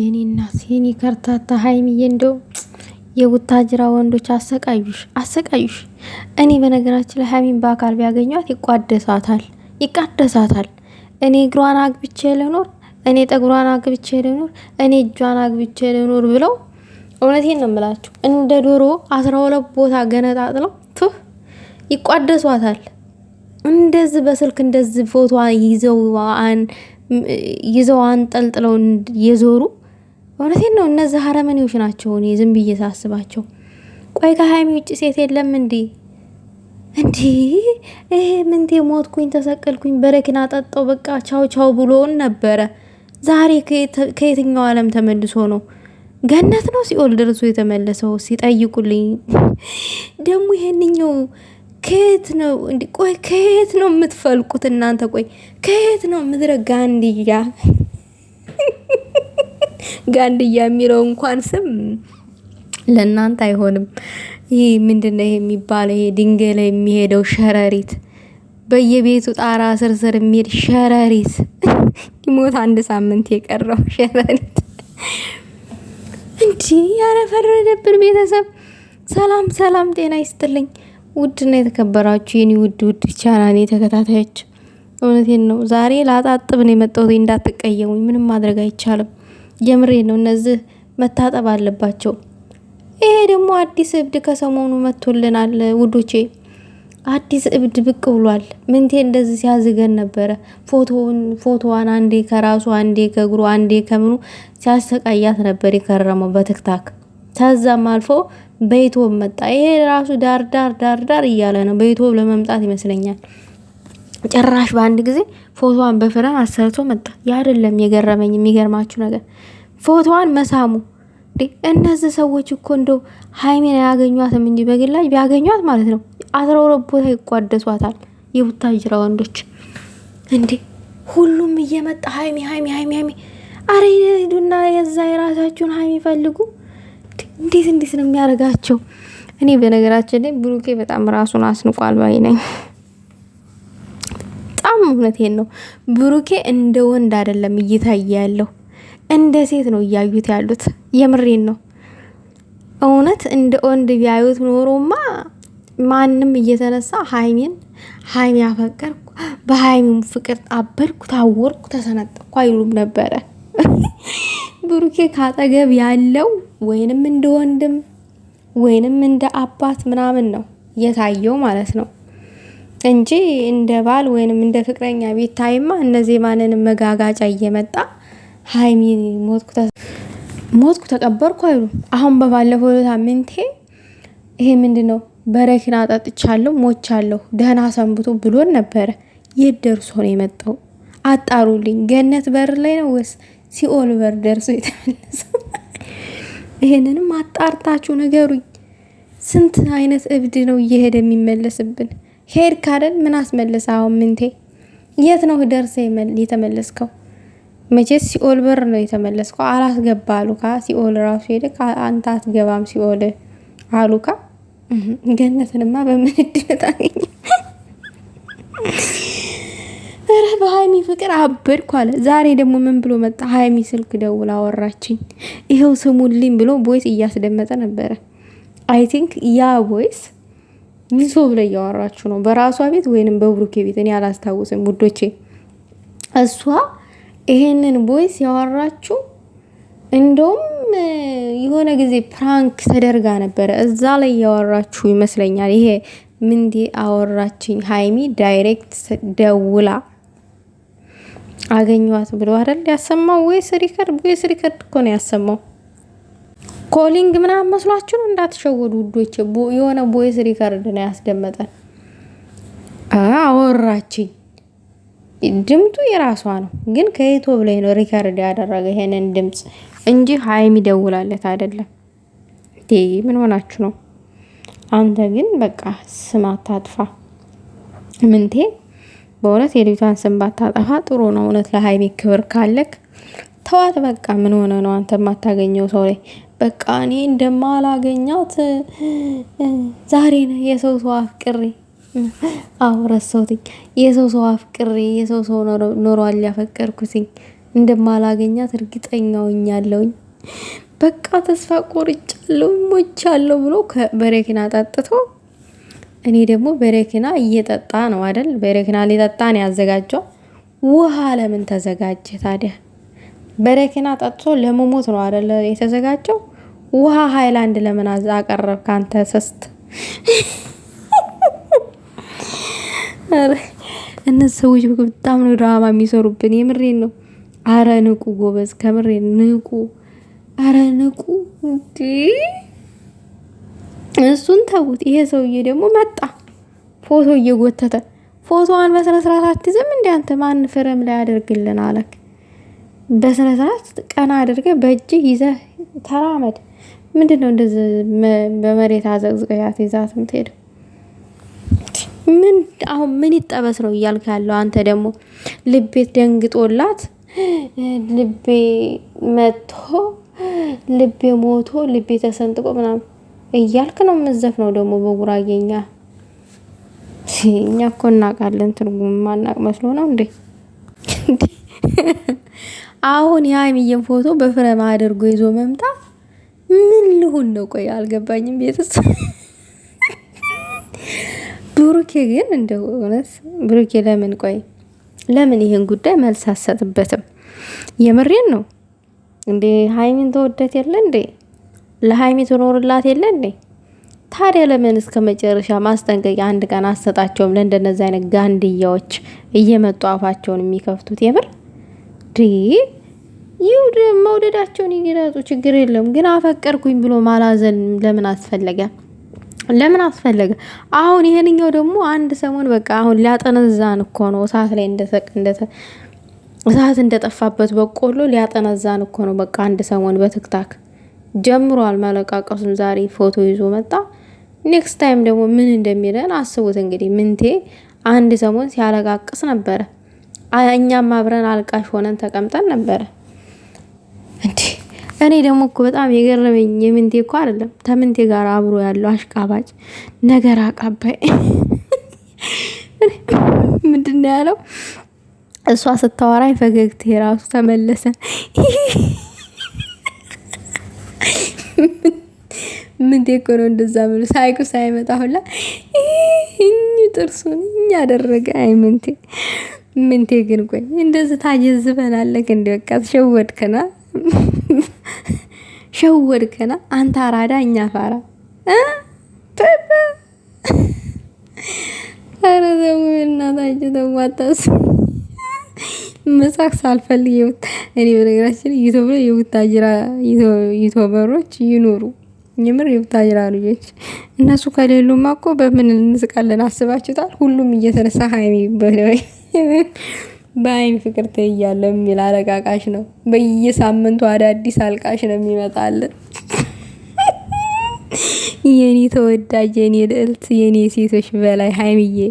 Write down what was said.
የኔ እናት የኔ ከርታታ ሀይሚዬ፣ እንደው የቡታጅራ ወንዶች አሰቃዩሽ አሰቃዩሽ። እኔ በነገራችን ላይ ሀይሚን በአካል ቢያገኟት ይቋደሳታል ይቃደሳታል። እኔ እግሯን አግብቼ ልኖር፣ እኔ ጠጉሯን አግብቼ ልኖር፣ እኔ እጇን አግብቼ ልኖር ብለው እውነቴን ነው የምላችሁ እንደ ዶሮ አስራ ሁለት ቦታ ገነጣጥለው ትፍ ይቋደሷታል። እንደዚህ በስልክ እንደዚህ ፎቶ ይዘዋን ይዘው አንጠልጥለው የዞሩ እውነቴን ነው። እነዛ አረመኔዎች ናቸው። እኔ ዝም ብዬ ሳስባቸው፣ ቆይ ከሀይሚ ውጭ ሴት የለም እንዴ? እንዲህ ይሄ ምንቴ ሞትኩኝ፣ ተሰቀልኩኝ፣ በረኪና ጠጣው፣ በቃ ቻው ቻው ብሎን ነበረ። ዛሬ ከየትኛው ዓለም ተመልሶ ነው? ገነት ነው ሲኦል ደርሶ የተመለሰው? ሲጠይቁልኝ ደግሞ ይሄንኛው ከየት ነው እንዲ? ቆይ ከየት ነው የምትፈልቁት እናንተ? ቆይ ከየት ነው ምድረ ጋንዲያ ጋንድያ የሚለው እንኳን ስም ለእናንተ አይሆንም። ይህ ምንድነው ይሄ የሚባለው? ይሄ ድንጋይ ላይ የሚሄደው ሸረሪት፣ በየቤቱ ጣራ ስርስር ስር የሚሄድ ሸረሪት፣ ሊሞት አንድ ሳምንት የቀረው ሸረሪት እንዲህ ያረፈረደብን ቤተሰብ። ሰላም ሰላም፣ ጤና ይስጥልኝ ውድና የተከበራችሁ የኔ ውድ ውድ ቻናኔ ተከታታዮች፣ እውነቴን ነው ዛሬ ላጣጥብ ነው የመጣሁት። እንዳትቀየሙኝ፣ ምንም ማድረግ አይቻልም። የምሬ ነው። እነዚህ መታጠብ አለባቸው። ይሄ ደግሞ አዲስ እብድ ከሰሞኑ መጥቶልናል ውዶቼ። አዲስ እብድ ብቅ ብሏል። ምንቴ እንደዚህ ሲያዝገን ነበረ። ፎቶውን ፎቶዋን አንዴ ከራሱ አንዴ ከእግሩ አንዴ ከምኑ ሲያሰቃያት ነበር የከረመው በትክታክ። ከዛም አልፎ በይቶ መጣ። ይሄ ራሱ ዳር ዳር ዳር ዳር እያለ ነው በይቶ ለመምጣት ይመስለኛል። ጭራሽ በአንድ ጊዜ ፎቶዋን በፍረን አሰርቶ መጣ። ያደለም የገረመኝ የሚገርማችሁ ነገር ፎቶዋን መሳሙ እነዚህ ሰዎች እኮ እንደው ሀይሜን አያገኟትም እንጂ በግላጅ ቢያገኟት ማለት ነው አስራ ሁለት ቦታ ይቋደሷታል። የቡታጅራ ወንዶች እንዴ! ሁሉም እየመጣ ሀይሚ ሀይሚ ሀይሚ ሀይሚ፣ አረ ሂዱና የዛ የራሳችሁን ሀይሚ ፈልጉ። እንዴት እንዴት ነው የሚያደርጋቸው? እኔ በነገራችን ላይ ብሩኬ በጣም ራሱን አስንቋል ባይ ነኝ። በጣም እውነቴን ነው። ብሩኬ እንደ ወንድ አይደለም እየታየ ያለው እንደ ሴት ነው እያዩት ያሉት። የምሬን ነው። እውነት እንደ ወንድ ቢያዩት ኖሮማ ማንም እየተነሳ ሀይሚን ሀይሚ አፈቀርኩ በሀይሚው ፍቅር አበድኩ፣ ታወርኩ፣ ተሰነጠቅኩ አይሉም ነበረ። ብሩኬ ካጠገብ ያለው ወይንም እንደ ወንድም ወይንም እንደ አባት ምናምን ነው የታየው ማለት ነው። እንጂ እንደ ባል ወይንም እንደ ፍቅረኛ ቢታይማ እነዚህ ማንንም መጋጋጫ እየመጣ ሀይሚ ሞትኩ ተቀበርኩ አይሉ። አሁን በባለፈው ዕለት ምንቴ ይሄ ምንድን ነው በረኪና ጠጥቻለሁ ሞቻለሁ ደህና ሰንብቶ ብሎን ነበረ። የት ደርሶ ነው የመጣው? አጣሩልኝ። ገነት በር ላይ ነው ወይስ ሲኦል በር ደርሶ የተመለሰው? ይሄንንም አጣርታችሁ ነገሩኝ ስንት አይነት እብድ ነው እየሄደ የሚመለስብን? ሄድ ካደን ምን አስመልሳው? ምንቴ የት ነው ደርሰ የተመለስከው? መቼስ ሲኦል በር ነው የተመለስከው። አላስገባ አሉካ ሲኦል ራሱ ሄደ። አንተ አትገባም ሲኦል አሉካ። ገነትንማ በምን እድነት አገኘ? በሀይሚ ፍቅር አበድኩ አለ። ዛሬ ደግሞ ምን ብሎ መጣ? ሀይሚ ስልክ ደውላ አወራችኝ፣ ይኸው ስሙልኝ ብሎ ቦይስ እያስደመጠ ነበረ። አይ ቲንክ ያ ቦይስ ሚሶ ብለ እያወራችሁ ነው። በራሷ ቤት ወይንም በብሩኬ ቤት እኔ አላስታውስም ውዶቼ። እሷ ይሄንን ቦይስ ያወራችሁ እንደውም የሆነ ጊዜ ፕራንክ ተደርጋ ነበረ። እዛ ላይ ያወራችሁ ይመስለኛል። ይሄ ምንዲ አወራችኝ ሀይሚ ዳይሬክት ደውላ አገኘዋት ብሎ አይደል ያሰማው? ወይስ ሪከርድ ወይስ ሪከርድ እኮ ነው ያሰማው። ኮሊንግ ምናምን መስሏችሁ እንዳትሸወዱ ውዶች። የሆነ ቦይስ ሪከርድ ነው ያስደመጠን። አወራችኝ ድምጡ የራሷ ነው፣ ግን ከየቶ ብላይ ነው ሪከርድ ያደረገ ይሄንን ድምፅ እንጂ ሀይሚ ይደውላለት አይደለም። ምን ሆናችሁ ነው? አንተ ግን በቃ ስም አታጥፋ ምንቴ። በእውነት የልጅቷን ስም ባታጠፋ ጥሩ ነው። እውነት ለሀይሚ ክብር ካለክ ተዋት በቃ። ምን ሆነ ነው አንተ የማታገኘው ሰው ላይ በቃ እኔ እንደማላገኛት ዛሬ ነው የሰው ሰው አፍቅሬ አዎ ረሰውትኝ የሰው ሰው አፍቅሬ የሰው ሰው ኖሯል ያፈቀርኩትኝ እንደማላገኛት እርግጠኛ ሆኛለሁኝ። በቃ ተስፋ ቆርጫለሁ ሞቻለሁ ብሎ በረኪና ጠጥቶ እኔ ደግሞ በረኪና እየጠጣ ነው አይደል? በረኪና ሊጠጣ ነው ያዘጋጀው። ውሃ ለምን ተዘጋጀ ታዲያ? በረኪና ጠጥቶ ለመሞት ነው አይደል የተዘጋጀው? ውሃ ሃይላንድ ለምን አቀረብ አንተ ሰስት? እነዚህ ሰዎች በጣም ነው ድራማ የሚሰሩብን። የምሬን ነው። አረ ንቁ ጎበዝ፣ ከምሬ ንቁ። አረ ንቁ እንዴ! እሱን ተውት። ይሄ ሰውዬ ደግሞ መጣ ፎቶ እየጎተተ ፎቶዋን በስነ ስርዓት አትይዝም እንዴ አንተ? ማን ፍሬም ላይ አድርግልን አለክ? በስነ ስርዓት ቀና አድርገ በእጅ ይዘህ ተራመድ። ምንድነው እንደዚህ በመሬት አዘቅዝቀሻት ይዛት የምትሄደው? ምን አሁን ምን ይጠበስ ነው እያልክ ያለው አንተ? ደግሞ ልቤት ደንግጦላት ልቤ መቶ ልቤ ሞቶ ልቤ ተሰንጥቆ ምናምን እያልክ ነው መዘፍ ነው ደግሞ በጉራጌኛ። እኛ እኮ እናውቃለን ትርጉም ማናቅ መስሎ ነው እንዴ? አሁን የሀይሚዬን ፎቶ በፍረም አድርጎ ይዞ መምጣት ምን ልሁን ነው? ቆይ አልገባኝም። ቤትስ ብሩኬ ግን እንደ እውነት ብሩኬ ለምን ቆይ ለምን ይህን ጉዳይ መልስ አሰጥበትም? የምሬን ነው እንዴ? ሀይሚን ተወደት የለ እንዴ? ለሀይሚ ትኖርላት የለ እንዴ? ታዲያ ለምን እስከ መጨረሻ ማስጠንቀቂያ አንድ ቀን አሰጣቸውም? ለእንደነዚ አይነት ጋንድያዎች እየመጡ አፋቸውን የሚከፍቱት የምር ይውድ መውደዳቸውን ይግለጡ፣ ችግር የለም ግን አፈቀርኩኝ ብሎ ማላዘን ለምን አስፈለገ? ለምን አስፈለገ? አሁን ይሄንኛው ደግሞ አንድ ሰሞን በቃ አሁን ሊያጠነዛን እኮ ነው እሳት ላይ እሳት እንደጠፋበት በቆሎ ሊያጠነዛን እኮ ነው። በቃ አንድ ሰሞን በትክታክ ጀምሯል መለቃቀሱን። ዛሬ ፎቶ ይዞ መጣ። ኔክስት ታይም ደግሞ ምን እንደሚለን አስቡት እንግዲህ። ምንቴ አንድ ሰሞን ሲያለቃቅስ ነበረ። እኛም አብረን አልቃሽ ሆነን ተቀምጠን ነበረ። እንዴ እኔ ደግሞ እኮ በጣም የገረመኝ የምንቴ እኮ አይደለም ተምንቴ ጋር አብሮ ያለው አሽቃባጭ ነገር አቃባይ ምንድን ነው ያለው? እሷ ስታወራኝ ፈገግት የራሱ ተመለሰ። ምንቴ እኮ ነው እንደዛ ብሎ ሳይቁ ሳይመጣ ሁላ ጥርሱን እኛ አደረገ አይ ምንቴ ምንቴ ግን ቆይ እንደዚህ ታጀዝበናለህ እንዴ? በቃ ሸወድከና ሸወድከና አንተ አራዳ እኛ ፋራ እ ኧረ ተው በእናታችሁ ተው አታስብ። መሳቅ ሳልፈልግ እኔ በነገራችን ዩቱብ ላይ የቡታጅራ ዩቱበሮች ይኑሩ የምር የቡታጅራ ልጆች እነሱ ከሌሉማ እኮ በምን እንስቃለን? አስባችሁታል? ሁሉም እየተነሳ ሀይሚ በደወይ በአይን ፍቅር ትያለ የሚል አለቃቃሽ ነው። በየሳምንቱ አዳዲስ አልቃሽ ነው የሚመጣልን። የኔ ተወዳጅ፣ የኔ ልዕልት፣ የኔ ሴቶች በላይ ሀይምዬ